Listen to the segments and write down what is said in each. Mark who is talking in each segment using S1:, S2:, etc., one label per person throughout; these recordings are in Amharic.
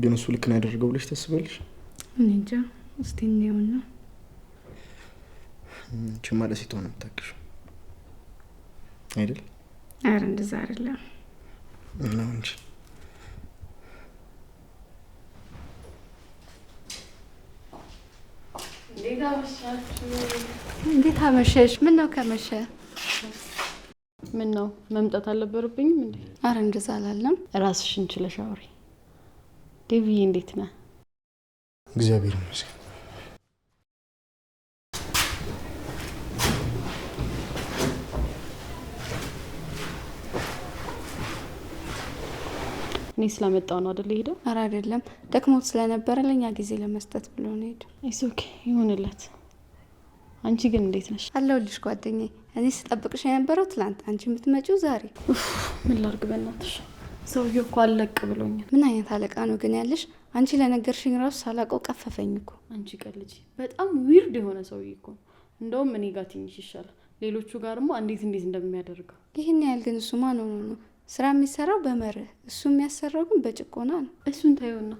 S1: ግን እሱ ልክ ነው ያደረገው ብለሽ ታስባለሽ?
S2: እንጃ እስቲ እንየውን ነው።
S1: ችማ ሴት ሆነ የምታክሹ አይደል?
S2: ኧረ እንደዛ አይደለም ነው እንጂ እንዴት አመሸሽ? ምን ነው ከመሸ? ምን ነው
S3: መምጣት አልነበረብኝም
S2: እንዴ? አረ እንደዛ አላለም።
S3: ራስሽን ችለሽ አውሪ ዴቪዬ እንዴት ነህ?
S1: እግዚአብሔር ይመስገን።
S2: እኔ ስለመጣው ነው አደለ? ሄደው ኧረ አይደለም፣ ደክሞት ስለነበረ ለእኛ ጊዜ ለመስጠት ብሎ ነው ሄደው። ኢስ ኦኬ ይሁንለት። አንቺ ግን እንዴት ነሽ? አለሁልሽ ጓደኛዬ። እኔ ስጠብቅሽ የነበረው ትላንት፣ አንቺ የምትመጪው ዛሬ። ምን ላድርግ በእናትሽ ሰውዬው እኮ አለቅ ብሎኛል። ምን አይነት አለቃ ነው ግን ያለሽ? አንቺ ለነገርሽኝ ራሱ ሳላውቀው ቀፈፈኝ እኮ። አንቺ ቀልጂ።
S3: በጣም ዊርድ የሆነ ሰውዬ እኮ ነው። እንደውም እኔ ጋር ትንሽ ይሻላል። ሌሎቹ ጋርማ እንዴት እንዴት እንደሚያደርገው
S2: ይህን ያህል ግን እሱ ማን ሆኖ ነው ስራ የሚሰራው? በመርህ እሱ የሚያሰራው ግን በጭቆና ነው። እሱን ታየውና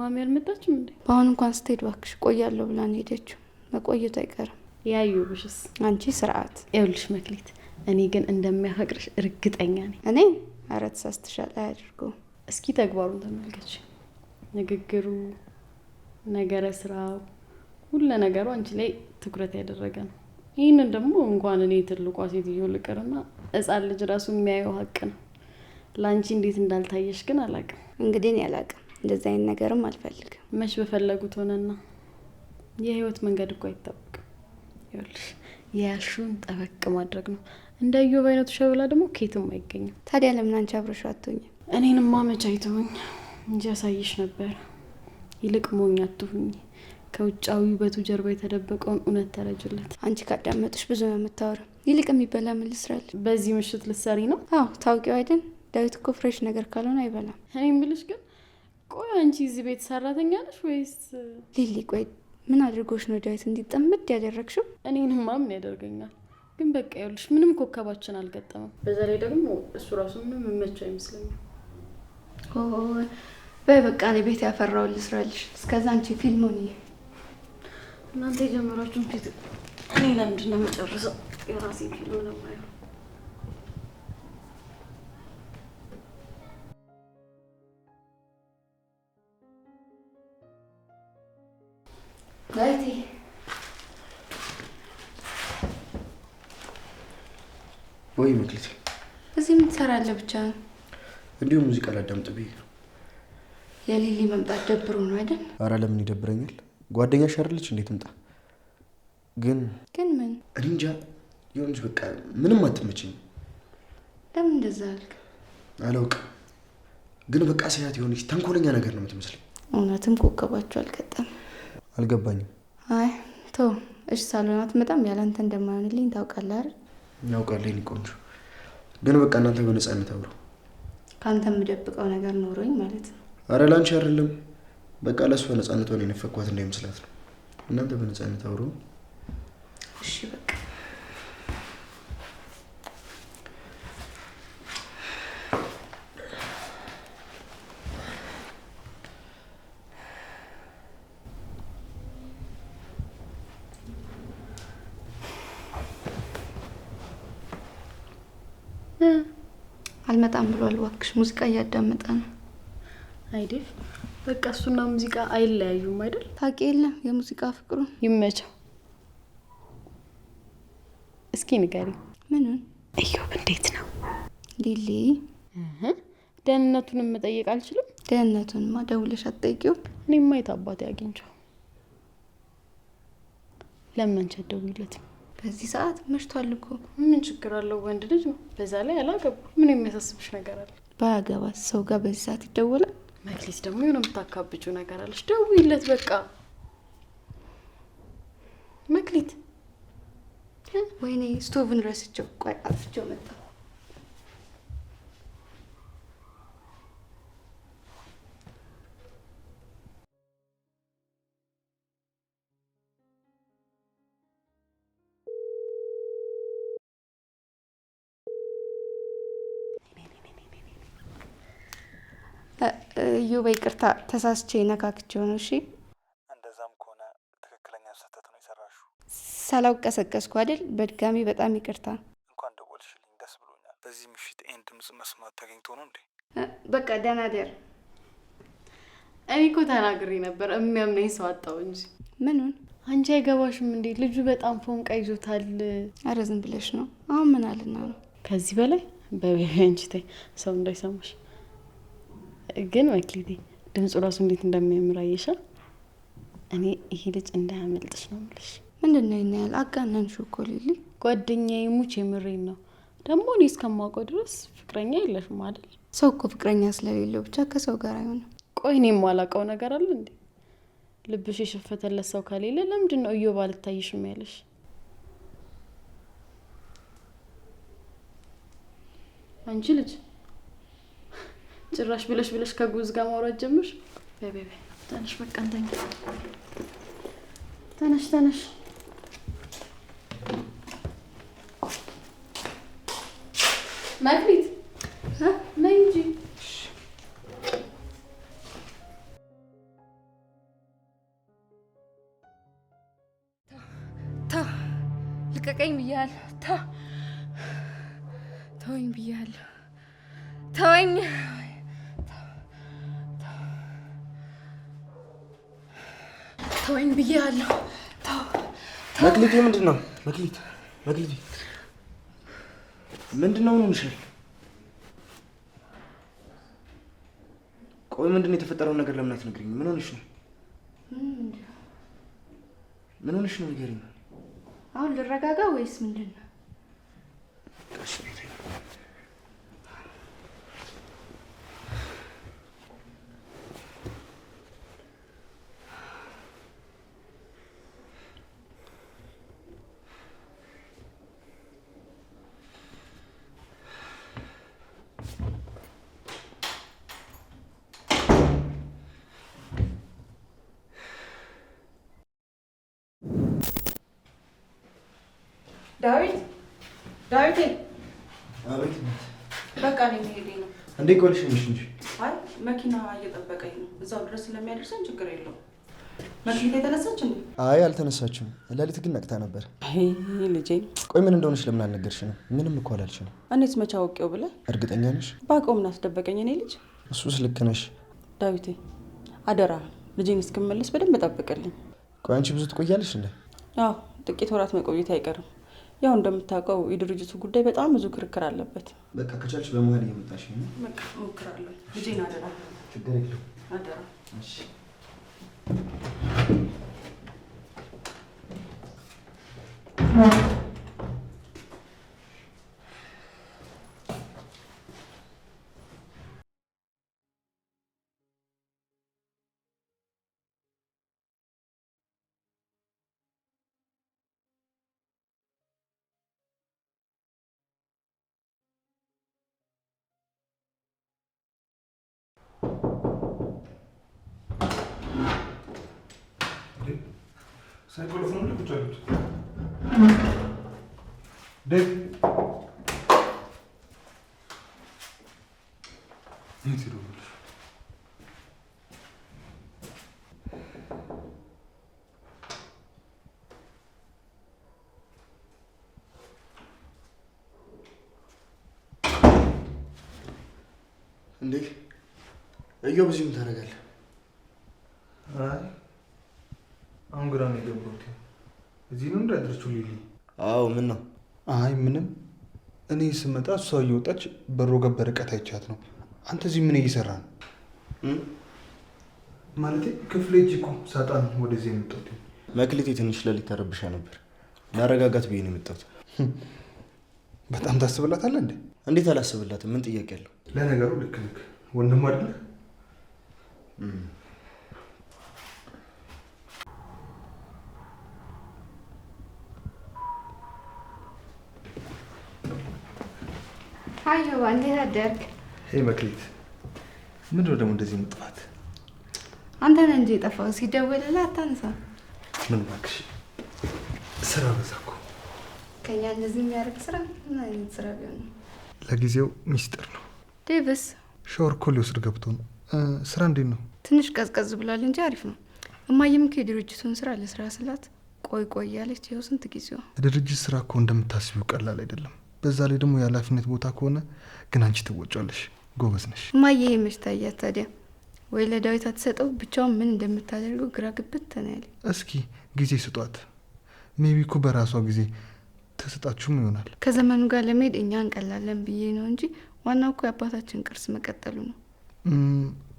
S2: ማሚ አልመጣችም እንዴ? በአሁን እንኳን ስትሄድ እባክሽ ቆያለሁ ብላን ሄደችው። መቆየቱ አይቀርም።
S3: ያዩ ብሽስ
S2: አንቺ ስርዓት
S3: ይኸውልሽ መክሊት፣ እኔ ግን እንደሚያፈቅርሽ እርግጠኛ ነኝ እኔ ኧረ ተሳስተሻል አያድርጉ። እስኪ ተግባሩን ተመልከች። ንግግሩ፣ ነገረ ስራው፣ ሁለ ነገሩ አንቺ ላይ ትኩረት ያደረገ ነው። ይህንን ደግሞ እንኳን እኔ ትልቋ ሴትዮ ልቅርና ሕፃን ልጅ ራሱ የሚያየው ሀቅ ነው። ለአንቺ እንዴት
S2: እንዳልታየሽ ግን አላቅም። እንግዲህ እኔ አላቅም፣ እንደዚህ አይነት ነገርም አልፈልግም።
S3: መች በፈለጉት ሆነና የህይወት መንገድ እኮ አይታወቅም። ይኸውልሽ
S2: የያሹን ጠበቅ
S3: ማድረግ ነው። እንደ እዮብ አይነቱ ሸበላ ደግሞ ኬትም አይገኝም። ታዲያ ለምን አንቺ አብረሽ አትሆኝ? እኔንማ ማመቻ አይተውኝ እንጂ ያሳይሽ ነበር። ይልቅ ሞኝ አትሁኝ።
S2: ከውጫዊ ውበቱ ጀርባ የተደበቀውን እውነት ተረጅለት። አንቺ ካዳመጡሽ ብዙ ነው የምታወራ። ይልቅ የሚበላ ምን ልስራል? በዚህ ምሽት ልትሰሪ ነው? አዎ ታውቂው አይደል? ዳዊት እኮ ፍሬሽ ነገር ካልሆነ አይበላም።
S3: እኔ የምልሽ ግን ቆይ አንቺ እዚህ ቤት ሰራተኛ ነሽ ወይስ?
S2: ሊሊ ቆይ ምን አድርጎሽ ነው ዳዊት እንዲጠምድ ያደረግሽው? እኔንማ ምን ያደርገኛል
S3: ግን በቃ ይኸውልሽ ምንም ኮከባችን አልገጠመም። በዛ ላይ ደግሞ እሱ ራሱ ምንም መመቸው አይመስለኝም።
S2: በይ በቃ እኔ ቤት ያፈራውን ልስራልሽ። እስከዛ አንቺ ፊልሙን ይ
S3: እናንተ የጀመራችሁን ፊት እኔ ለምንድን ነው የምጨርሰው? የራሴን ፊልም ነው የማየው።
S2: ላይቴ ወይ መክሊቴ፣ እዚህ ምን ትሰራለህ? ብቻ ነው
S1: እንዲሁ ሙዚቃ ላዳምጥ ብዬ ነው።
S2: የሊሊ መምጣት ደብሮ ነው አይደል?
S1: አረ ለምን ይደብረኛል? ጓደኛ ሸርልች እንዴት ምጣ። ግን ግን ምን እኔ እንጃ፣ የሆነች በቃ ምንም አትመችኝ።
S2: ለምን እንደዛ አልክ?
S1: አላውቅም፣ ግን በቃ ሲያት የሆነች ተንኮለኛ ነገር ነው የምትመስለኝ።
S2: እውነትም ኮከባቸው አልገጠም። አልገባኝም። አይ ቶ እሽ ሳሎናት መጣም ያላንተ እንደማይሆንልኝ ታውቃለህ አይደል?
S1: እናውቃለን። የእኔ ቆንጆ ግን በቃ እናንተ በነፃነት አውረው።
S2: ከአንተ የምደብቀው ነገር ኖሮኝ ማለት ነው?
S1: አረ ላንቺ አይደለም። በቃ ለእሱ በነጻነት ሆነ የነፈኳት እንዳይመስላት ነው። እናንተ በነጻነት አውሮ
S2: እሺ በቃ ብሏል። እባክሽ ሙዚቃ እያዳመጠ ነው
S3: አይዴፍ። በቃ እሱና ሙዚቃ አይለያዩም አይደል? ታውቂ የለም የሙዚቃ ፍቅሩ ይመቸው። እስኪ ንገሪ፣
S2: ምኑን እዮብ እንዴት ነው
S3: ሊሊ? ደህንነቱንም
S2: መጠየቅ አልችልም? ደህንነቱንማ ደውለሽ አትጠይቂውም? እኔማ የት አባቴ አግኝቼው ለምን አንቺ በዚህ ሰዓት መሽቷል እኮ
S3: ምን ችግር አለው? ወንድ ልጅ ነው። በዛ ላይ አላገቡ። ምን የሚያሳስብሽ ነገር አለ?
S2: ባያገባ ሰው ጋር በዚህ ሰዓት ይደወላል?
S3: መክሊት ደግሞ የሆነ የምታካብጁ ነገር አለች። ደውይለት በቃ
S2: መክሊት። ወይኔ ስቶቭን ረስቸው። ቆይ አጥፍቼው መጣ እዮብ ይቅርታ ተሳስቼ ነካክቼው ነው። እሺ
S4: እንደዛም ከሆነ ትክክለኛ ስህተት ነው የሰራሽው።
S2: ሳላውቅ ቀሰቀስኩ አይደል? በድጋሚ በጣም ይቅርታ።
S4: እንኳን ደወልሽልኝ፣ ደስ ብሎኛል። በዚህ ምሽት ይህን ድምፅ መስማት ተገኝቶ ነው እንዴ?
S3: በቃ ደህና ደር። እኔ እኮ ተናግሬ ነበር የሚያምነኝ ሰው አጣው እንጂ ምኑን። አንቺ አይገባሽም እንዴ? ልጁ በጣም ፎንቃ ይዞታል። ኧረ ዝም ብለሽ
S2: ነው። አሁን ምን
S3: አልና ነው ከዚህ በላይ በቤቢ አንቺ ተይ፣ ሰው እንዳይሰማሽ ግን መክሊቴ ድምፁ ራሱ እንዴት እንደሚያምር አየሻል። እኔ ይሄ ልጅ እንዳያመልጥሽ ነው የምልሽ።
S2: ምንድን ነው ይናያል አጋነን ሾኮልል ጓደኛዬ
S3: ሙች የምሬን ነው። ደግሞ እኔ እስከማውቀው ድረስ ፍቅረኛ የለሽም አይደል? ሰው እኮ ፍቅረኛ ስለሌለው ብቻ ከሰው ጋር አይሆንም። ቆይ እኔ የማላውቀው ነገር አለ እንዴ? ልብሽ የሸፈተለት ሰው ከሌለ ለምንድን ነው እዮብ አልታይሽም ያለሽ? አንቺ ልጅ ጭራሽ ብለሽ ብለሽ ከጉዝ ጋር ማውራት ጀምር። ቤቤቤ ተነሽ፣ በቃ እንተኛ። ተነሽ ተነሽ። መክሊት
S1: መክሊት ምንድን ነው? መክሊት መክሊት ምንድን ነው? ምን ይሻል? ቆይ ምንድን ነው የተፈጠረውን ነገር ለምን አትነግሪኝ? ምን ሆነሽ ነው? ምን ሆነሽ ነው? ንገሪኝ።
S2: አሁን ልረጋጋ ወይስ ምንድን ነው? ዳዊት ዳዊት፣ አቤት። በቃ እኔ መሄዴ ነው።
S1: እንዴ ቆልሽ ነሽ እንጂ።
S2: አይ መኪና እየጠበቀኝ ነው፣ እዛው ድረስ ስለሚያደርሰን ችግር የለውም። መኪና
S3: የተነሳች
S1: አይ አልተነሳችም። ሌሊት ግን ነቅታ ነበር። አይ ልጄ፣ ቆይ ምን እንደሆነች ለምን አልነገርሽንም? ምንም እኮ አላልሽንም።
S3: እኔስ መቼ አውቄው ብለህ እርግጠኛ ነሽ? ባውቀው ምን አስደበቀኝ? እኔ ልጅ፣
S1: እሱስ ልክ ነሽ።
S3: ዳዊቴ፣ አደራ ልጄን እስክመለስ በደንብ ጠብቅልኝ።
S1: ቆይ አንቺ ብዙ ትቆያለሽ እንዴ?
S3: አዎ ጥቂት ወራት መቆየት አይቀርም። ያው እንደምታውቀው የድርጅቱ ጉዳይ በጣም ብዙ ክርክር አለበት።
S1: በቃ ከቻልሽ በመሀል እየመጣሽ ነው።
S2: በቃ እሞክራለሁ። ልጄን አደራ። ችግር የለውም
S1: አደራ።
S4: Sen telefonunu mu doen. En Nedir
S1: Ik heb እየው ብዙ ታደርጋለህ
S4: ስመጣ እሷ እየወጣች በሮ ገብ በርቀት አይቻት ነው። አንተ እዚህ ምን እየሰራ ነው? ማለት ክፍሌ እጅ እኮ ሳጣን ወደዚህ የመጣሁት መክሊቴ ትንሽ ለሊት ተረብሻ ነበር። ለአረጋጋት ብዬ ነው የመጣሁት።
S1: በጣም ታስብላታለህ እንዴ? እንዴት አላስብላትም? ምን ጥያቄ አለው?
S4: ለነገሩ ልክ ልክ ወንድም አይደለ
S2: ሀይ ባ እንዴት አደርግ?
S4: ይሄ መክሊት ምንድን ነው ደግሞ እንደዚህ መጥፋት?
S2: አንተ ነህ እንጂ የጠፋው። ሲደወልልህ አታንሳ።
S4: ምን እባክሽ ስራ በዛ እኮ
S2: ከኛ እንደዚህ የሚያደርግ ስራ ምን አይነት ስራ ቢሆን ነው?
S4: ለጊዜው ሚስጥር ነው። ዴቭስ ሻወር እኮ ሊወስድ ገብቶ ነው። ስራ እንዴት ነው?
S2: ትንሽ ቀዝቀዝ ብሏል እንጂ አሪፍ ነው። እማዬም እኮ የድርጅቱን ስራ ለስራ ስላት ቆይ ቆይ ያለች ይኸው ስንት ጊዜዋ።
S4: ድርጅት ስራ እኮ እንደምታስቢው ቀላል አይደለም። በዛ ላይ ደግሞ የኃላፊነት ቦታ ከሆነ ግን አንቺ ትወጫለሽ። ጎበዝ ነሽ
S2: እማዬ። ይሄ መች ታያት ታዲያ? ወይ ለዳዊት አትሰጠው። ብቻውን ምን እንደምታደርገው ግራ ግብት ተናያለ።
S4: እስኪ ጊዜ ስጧት። ሜቢ እኮ በራሷ ጊዜ ተሰጣችሁም ይሆናል።
S2: ከዘመኑ ጋር ለመሄድ እኛ እንቀላለን ብዬ ነው እንጂ ዋናው እኮ የአባታችን ቅርስ መቀጠሉ ነው።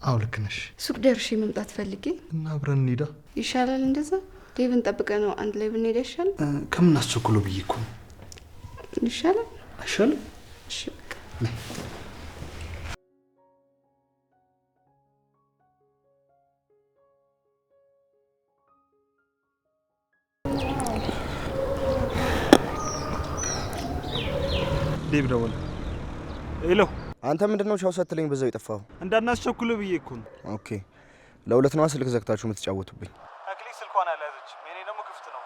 S2: አዎ ልክ ነሽ። ሱቅ ደርሼ መምጣት ፈልጌ
S4: እና አብረን እንሄዳ
S2: ይሻላል። እንደዛ ዴቭን ጠብቀ ነው አንድ ላይ ብንሄዳ ይሻል።
S4: ከምን አስቸኩሎ ብዬ እኮ ነው
S2: ይሻላል አይሻልም?
S1: ዴብ ደወለ። ሄሎ አንተ ምንድነው ቻው ሰትለኝ በዛው የጠፋኸው?
S4: እንዳናስቸኩል ብዬ እኮ ነው።
S1: ኦኬ ለሁለት ነዋ ስልክ ዘግታችሁ የምትጫወቱብኝ።
S4: አክሊ ስልኳን አልያዘችም። የኔ ደግሞ ክፍት ነው።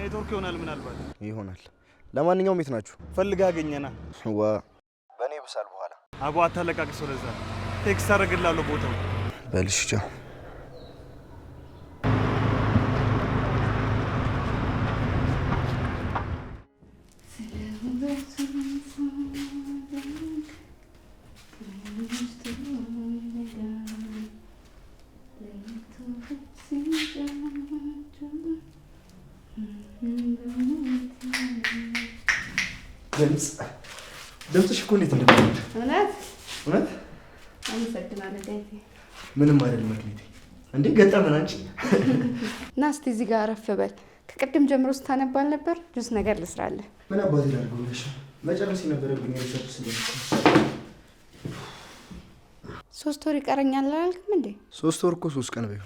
S4: ኔትወርክ ይሆናል ምናልባት
S1: ይሆናል። ለማንኛውም የት ናችሁ?
S4: ፈልጋ አገኘና ዋ በእኔ ብሳል በኋላ አቧ አታለቃቅስ። ወደዛ ቴክስ አረግላለሁ ቦታው
S1: በልሽ ቻው ድምፅ ድምፅሽ እኮ እንዴት እንደምወድ እውነት እውነት። ምንም አይደለም መክሊቴ። እንዴ ገጠመን አንቺ
S2: እና እስቲ እዚህ ጋር አረፍ በል። ከቅድም ጀምሮ ስታነባል ነበር። ጁስ ነገር ልስራለህ።
S1: ምን አባቴ ላድርገው ብለሽ መጨረስ የነበረብኝ ሪሰርች ስለ
S2: ሶስት ወር ይቀረኛል አላልክም እንዴ?
S1: ሶስት ወር እኮ ሶስት ቀን በይው፣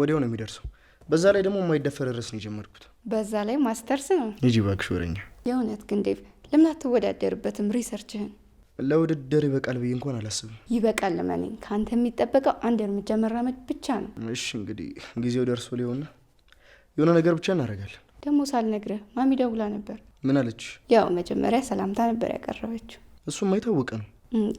S1: ወዲያው ነው የሚደርሰው። በዛ ላይ ደግሞ የማይደፈር ርዕስ ነው የጀመርኩት።
S2: በዛ ላይ ማስተርስ ነው።
S1: ይጂ እባክሽ ወረኛ።
S2: የእውነት ግን ዴቭ ለምን አትወዳደርበትም? ሪሰርችህን
S1: ለውድድር ይበቃል ብዬ እንኳን አላስብም።
S2: ይበቃል ለመኔ ከአንተ የሚጠበቀው አንድ እርምጃ መራመድ ብቻ ነው።
S1: እሺ እንግዲህ ጊዜው ደርሶ ሊሆንና የሆነ ነገር ብቻ እናደርጋለን።
S2: ደግሞ ሳልነግረህ ማሚ ደውላ ነበር። ምን አለች? ያው መጀመሪያ ሰላምታ ነበር ያቀረበችው፣
S1: እሱም የታወቀ ነው።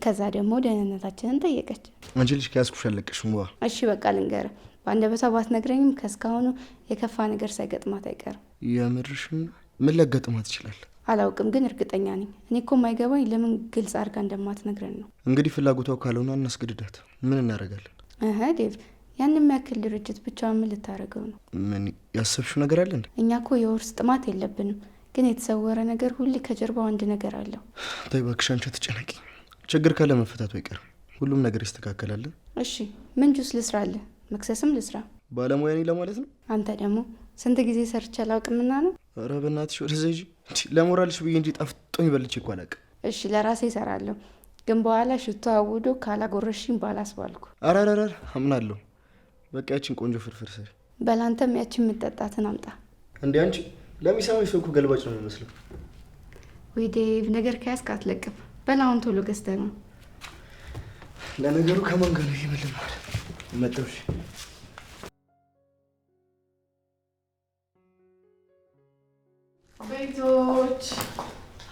S2: ከዛ ደግሞ ደህንነታችንን ጠየቀች።
S1: አንቺ ልጅ ከያዝኩሽ አለቀሽም። ዋ
S2: እሺ በቃ ልንገርህ፣ በአንደበቷ ባትነግረኝም ከእስካሁኑ የከፋ ነገር ሳይገጥማት አይቀርም።
S1: የምርሽን ምን ሊያጋጥማት ይችላል?
S2: አላውቅም ግን እርግጠኛ ነኝ። እኔ እኮ የማይገባኝ ለምን ግልጽ አድርጋ እንደማትነግረን ነው።
S1: እንግዲህ ፍላጎቷ ካልሆነ አናስገድዳት። ምን እናደርጋለን?
S2: ዴቭ፣ ያን የሚያክል ድርጅት ብቻዋን ምን ልታደርገው ነው?
S1: ምን ያሰብሽው ነገር አለ እንዴ?
S2: እኛ እኮ የውርስ ጥማት የለብንም፣ ግን የተሰወረ ነገር ሁሌ ከጀርባው አንድ ነገር አለው።
S1: ተይ እባክሽ አንቺ ችግር ካለ መፈታቱ አይቀርም። ሁሉም ነገር ይስተካከላል።
S2: እሺ፣ ምን ጁስ ልስራ አለ? መክሰስም ልስራ
S1: ባለሙያ ነኝ ለማለት ነው።
S2: አንተ ደግሞ ስንት ጊዜ ሰርቼ አላውቅምና ነው።
S1: ኧረ በእናትሽ ወደዚያ ለሞራልሽ ብዬ እንጂ ጠፍጦኝ በልቼ እኮ አላውቅም።
S2: እሺ ለራሴ እሰራለሁ፣ ግን በኋላ ሽቶ አውዶ ካላጎረሽኝ ባላስባልኩ።
S1: አራራራ አምናለሁ። በቃ ያችን ቆንጆ ፍርፍር ስር
S2: በላንተም ያችን የምጠጣትን አምጣ።
S1: እንዲ አንቺ ለሚሰማኝ ሰው እኮ ገልባጭ ነው የሚመስለው።
S2: ወይ ዴቭ ነገር ከያዝክ አትለቅም። በላውን ቶሎ ገዝተህ ነው።
S4: ለነገሩ ከማን ጋር ነው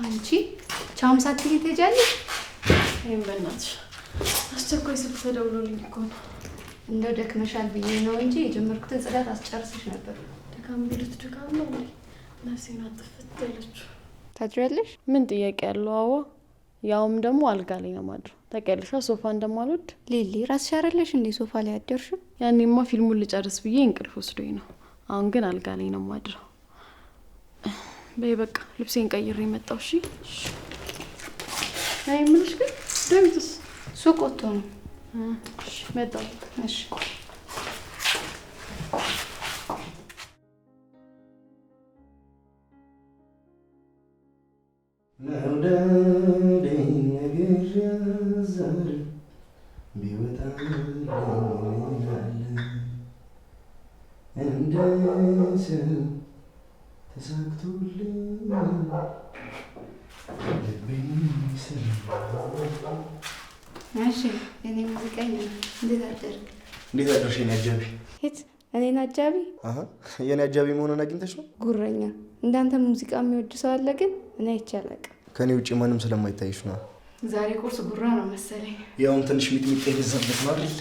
S2: አንቺ ቻውም ሳትይ ትሄጃለሽ? ይሄን በእናትሽ አስቸኳይ ስልክ ተደውሎልኝ እኮ ነው። እንደው ደክመሻል ብዬ ነው እንጂ የጀመርኩትን ጽዳት አስጨርስሽ ነበር።
S3: ድካም ቢሉት ድካም ነው ወይ ነፍሴን አጥፍት ያለችው። ታድሪያለሽ? ምን ጥያቄ ያለው? አዎ ያውም ደግሞ አልጋ ላይ ነው ማድረው። ታውቂያለሽ ሶፋ እንደማልወድ ሊሊ። ራስሽ አይደለሽ እንዴ ሶፋ ላይ ያደርሽው? ያኔማ ፊልሙን ልጨርስ ብዬ እንቅልፍ ወስዶኝ ነው። አሁን ግን አልጋ ላይ ነው ማድረው። በይ በቃ ልብሴን ቀይሬ የመጣው። እሺ አይ የምልሽ ግን ዳዊትስ ሱቅ ወጥቶ ነው? እሺ መጣሁ። እሺ
S1: ቢወጣ እንዴት አደርሽ?
S2: የኔ አጃቢ እኔን
S1: አጃቢ የኔ አጃቢ መሆኑን አግኝተሽ ነው?
S2: ጉረኛ እንዳንተ ሙዚቃ የሚወድ ሰው አለ? ግን እኔ አይቼ አላውቅም።
S1: ከኔ ውጭ ማንም ስለማይታይሽ ነው።
S2: ዛሬ ቁርስ ጉራ ነው መሰለኝ።
S1: ያውም ትንሽ ሚጥሚጣ የበዛበት ነው አይደል?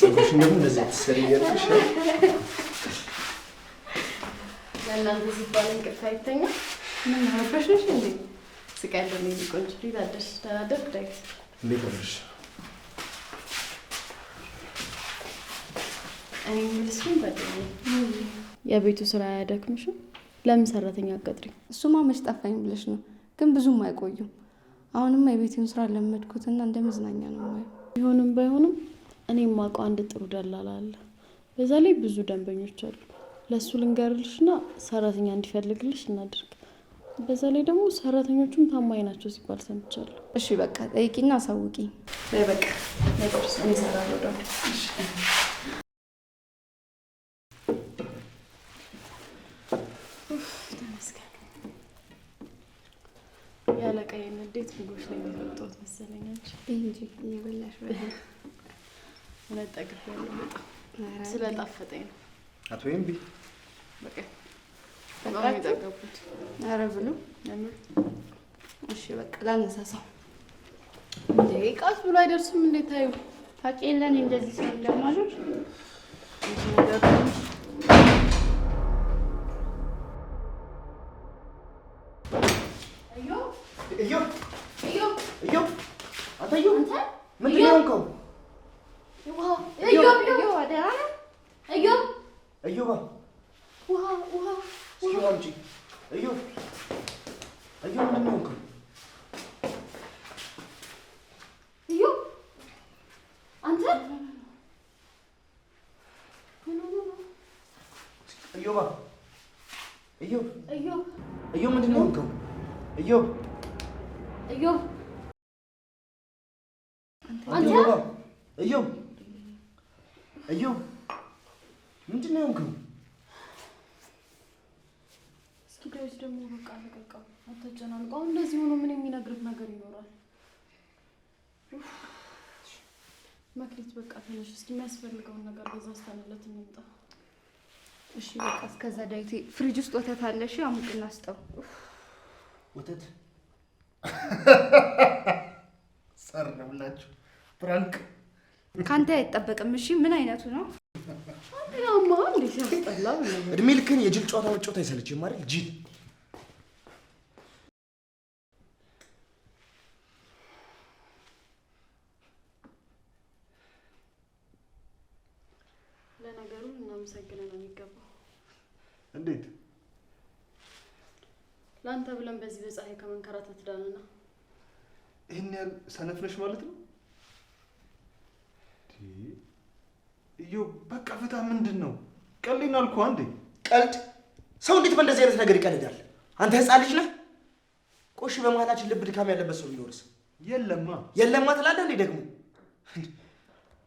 S1: ጸጉርሽን ደግሞ እንደዚህ ትሰሪ እያልኩሽ
S2: እናንተ ሲባል እንቅልፍ አይተኛም። ምን እንዴ? ስቃይ
S3: ሊዳደሽ ተናደር እንዴት እኔ ምልስም በደኝ
S2: የቤቱ ስራ አያደክምሽም? ለምን ሰራተኛ አቀጥሪ? እሱማ መች ጠፋኝ ብለሽ ነው። ግን ብዙም አይቆዩም። አሁንማ የቤቱን ስራ ለመድኩትና እንደ መዝናኛ ነው ማየ።
S3: ቢሆንም ባይሆንም እኔ የማውቀው አንድ ጥሩ ደላላ አለ። በዛ ላይ ብዙ ደንበኞች አሉ ለእሱ ልንገርልሽና ሰራተኛ እንዲፈልግልሽ እናድርግ። በዛ ላይ ደግሞ ሰራተኞቹም ታማኝ ናቸው ሲባል ሰምቻለሁ። እሺ በቃ ጠይቂና አሳውቂ። በቃ እንዴት ምግቦች ላይ እንጂ እየበላሽ በጣም ስለጣፈጠኝ ነው
S1: አቶ ኤምቢ
S2: ኧረ ብሉ። እሺ በቃ ላነሳሳው። ቀስ ብሎ አይደርስም። እንዴት ታዩ ታውቂ የለን እንደዚህ ሰው እንደማለት
S1: አታየው እዮባ ውሃ ውሃ እስኪ ውሃ አምጪ። እዩ
S3: እዩ፣ ምንድን ነው እንኳን አንተ
S1: ምንድን ነው እንኳን እዩ እዩ ምንድን ነው የሆንክው?
S3: እስኪ ዳዊት ደግሞ በቃ ልቀቀው፣ አታጨናንቀው። አሁን እንደዚህ ሆኖ ምን የሚነግርህ ነገር ይኖራል? መክሊት በቃ ተነሽ፣ እስኪ የሚያስፈልገውን ነገር በዛ አስተንለት እንምጣ።
S2: እሺ በቃ እስከዛ ዳዊቴ፣ ፍሪጅ ውስጥ ወተት አለ። እሺ አሙቅና ስጠው
S1: ወተት። ሰር ነው ብላችሁ ፍራንክ፣
S2: ከአንተ አይጠበቅም። እሺ ምን አይነቱ ነው?
S1: እድሜ ልክን የጅል ጨዋታ መጫወት አይሰለችም ማለት ጅል
S3: ለነገሩ እናመሰግነን ነው የሚገባው። እንዴት ለአንተ ብለን በዚህ በፀሐይ ከመንከራተት ዳንና
S4: ይህን ያህል ሰነፍ ማለት ነው። እየው በቃ ፍታ። ምንድን ነው ቀልድ አልኩህ እንዴ? ቀልድ ሰው እንዴት በእንደዚህ አይነት ነገር ይቀልዳል? አንተ ህፃን ልጅ ነህ።
S1: ቆሽ በመሀላችን ልብ ድካም ያለበት ሰው ቢኖርስ? የለማ የለማ ትላለህ እንዴ? ደግሞ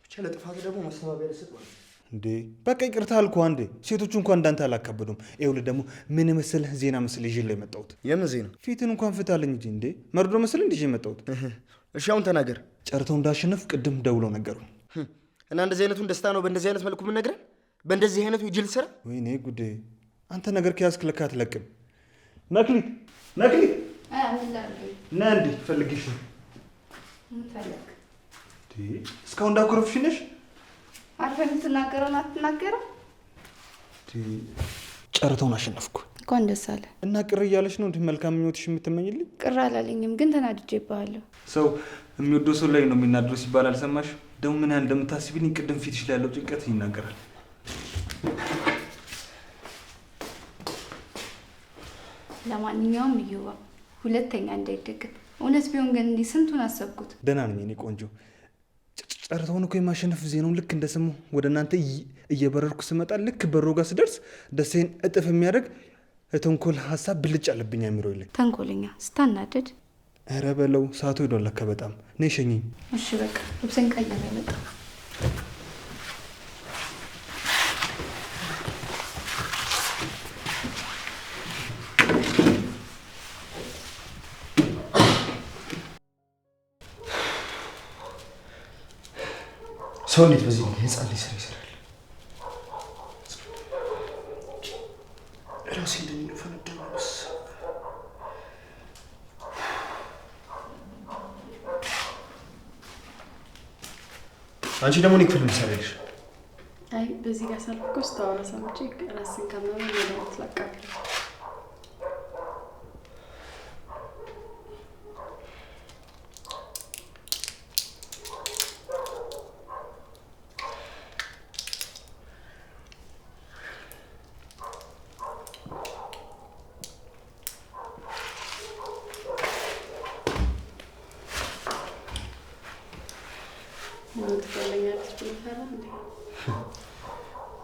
S1: ብቻ ለጥፋቱ ደግሞ ማስተባበያ ልስጥ ማለት
S4: እንዴ? በቃ ይቅርታ አልኩህ እንዴ። ሴቶቹ እንኳን እንዳንተ አላካበዱም። ይኸውልህ ደግሞ ምን መስል ዜና መስል ይዤ ላይ የመጣሁት። የምን ዜና? ፊትን እንኳን ፍታለኝ እንጂ እንዴ መርዶ መስል እንዲህ ይዤ የመጣሁት። እሺ አሁን ተናገር። ጨርተው እንዳሸነፍ ቅድም ደውሎ ነገሩ እና እንደዚህ አይነቱን ደስታ ነው በእንደዚህ አይነት መልኩ የምንነግረን በእንደዚህ አይነቱ ጅል ስራ። ወይኔ ጉዴ! አንተ ነገር ከያዝክ ለካ አትለቅም። መክሊት መክሊት፣ ና እንዴ! ፈልግሽ
S2: እስካሁን እንዳኮረፍሽ ነሽ። አልፈን የምትናገረውን አትናገረው።
S4: ጨርተውን አሸነፍኩ።
S2: እንኳን ደስ አለ እና ቅር
S4: እያለች ነው እንዲህ መልካም ምኞትሽ የምትመኝልኝ?
S2: ቅር አላለኝም፣ ግን ተናድጄ ይባሃለሁ።
S4: ሰው የሚወደው ሰው ላይ ነው የሚናድረው ሲባል አልሰማሽም? ደግሞ ምን ያህል እንደምታስቢልኝ ቅድም ፊትሽ ላይ ያለው ጭንቀት ይናገራል።
S2: ለማንኛውም እዩባ ሁለተኛ እንዳይደግም። እውነት ቢሆን ግን እንዲህ ስንቱን አሰብኩት።
S4: ደህና ነኝ እኔ ቆንጆ። ጨርተውን እኮ የማሸነፍ ዜናውን ልክ እንደ ወደ እናንተ እየበረርኩ ስመጣ ልክ በሮ ጋር ስደርስ ደሴን እጥፍ የሚያደርግ የተንኮል ሀሳብ ብልጭ አለብኝ አሚሮ ይለኝ።
S2: ተንኮለኛ ስታናደድ
S4: ኧረ በለው ሰዓቱ ሄዷል ለካ በጣም ነይ ሸኘኝ
S2: እሺ በቃ ልብሴን ቀይሬ መጣሁ
S1: ሰው እንዴት በዚህ ህፃን ላይ ስራ ይሰራል አንቺ ደግሞ እኔ ክፍል ምሰራልሽ።
S3: አይ በዚህ ጋር ሳልኩ ስታወራ ሰምቼ ራስን ከመመ መድኃኒት ላቃብለ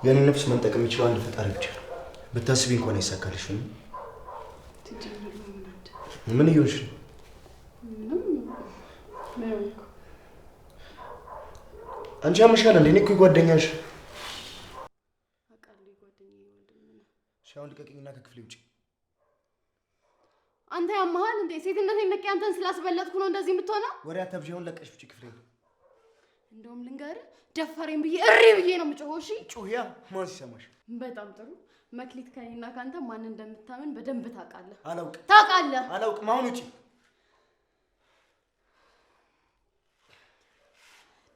S1: ያንን ነፍስ መንጠቅ የሚችለው አንድ ፈጣሪ ብቻ ነው። ብታስቢ እንኳን አይሳካልሽ። ምን እየሆንሽ ነው? አንቺ አመሻል እንዴ? እኔ እኮ ጓደኛሽ ሻውን ልቀቅኝና ከክፍሌ ውጭ።
S3: አንተ ያመሃል እንዴ? ሴትነት ነቄ አንተን ስላስበለጥኩ ነው እንደዚህ የምትሆነው።
S1: ወሬ አታብዣውን ለቀሽ ውጭ ክፍሌ
S3: እንደውም ልንገር ደፈሬን ብዬ እሪ ብዬ ነው የምጮኸው። እሺ ጩኸያ ማን ሲሰማሽ? በጣም ጥሩ መክሊት፣ ከኔና ከአንተ ማን እንደምታምን በደንብ ታውቃለህ። አላውቅ ታውቃለህ። አላውቅ ማሁን ውጪ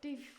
S3: ዴቭ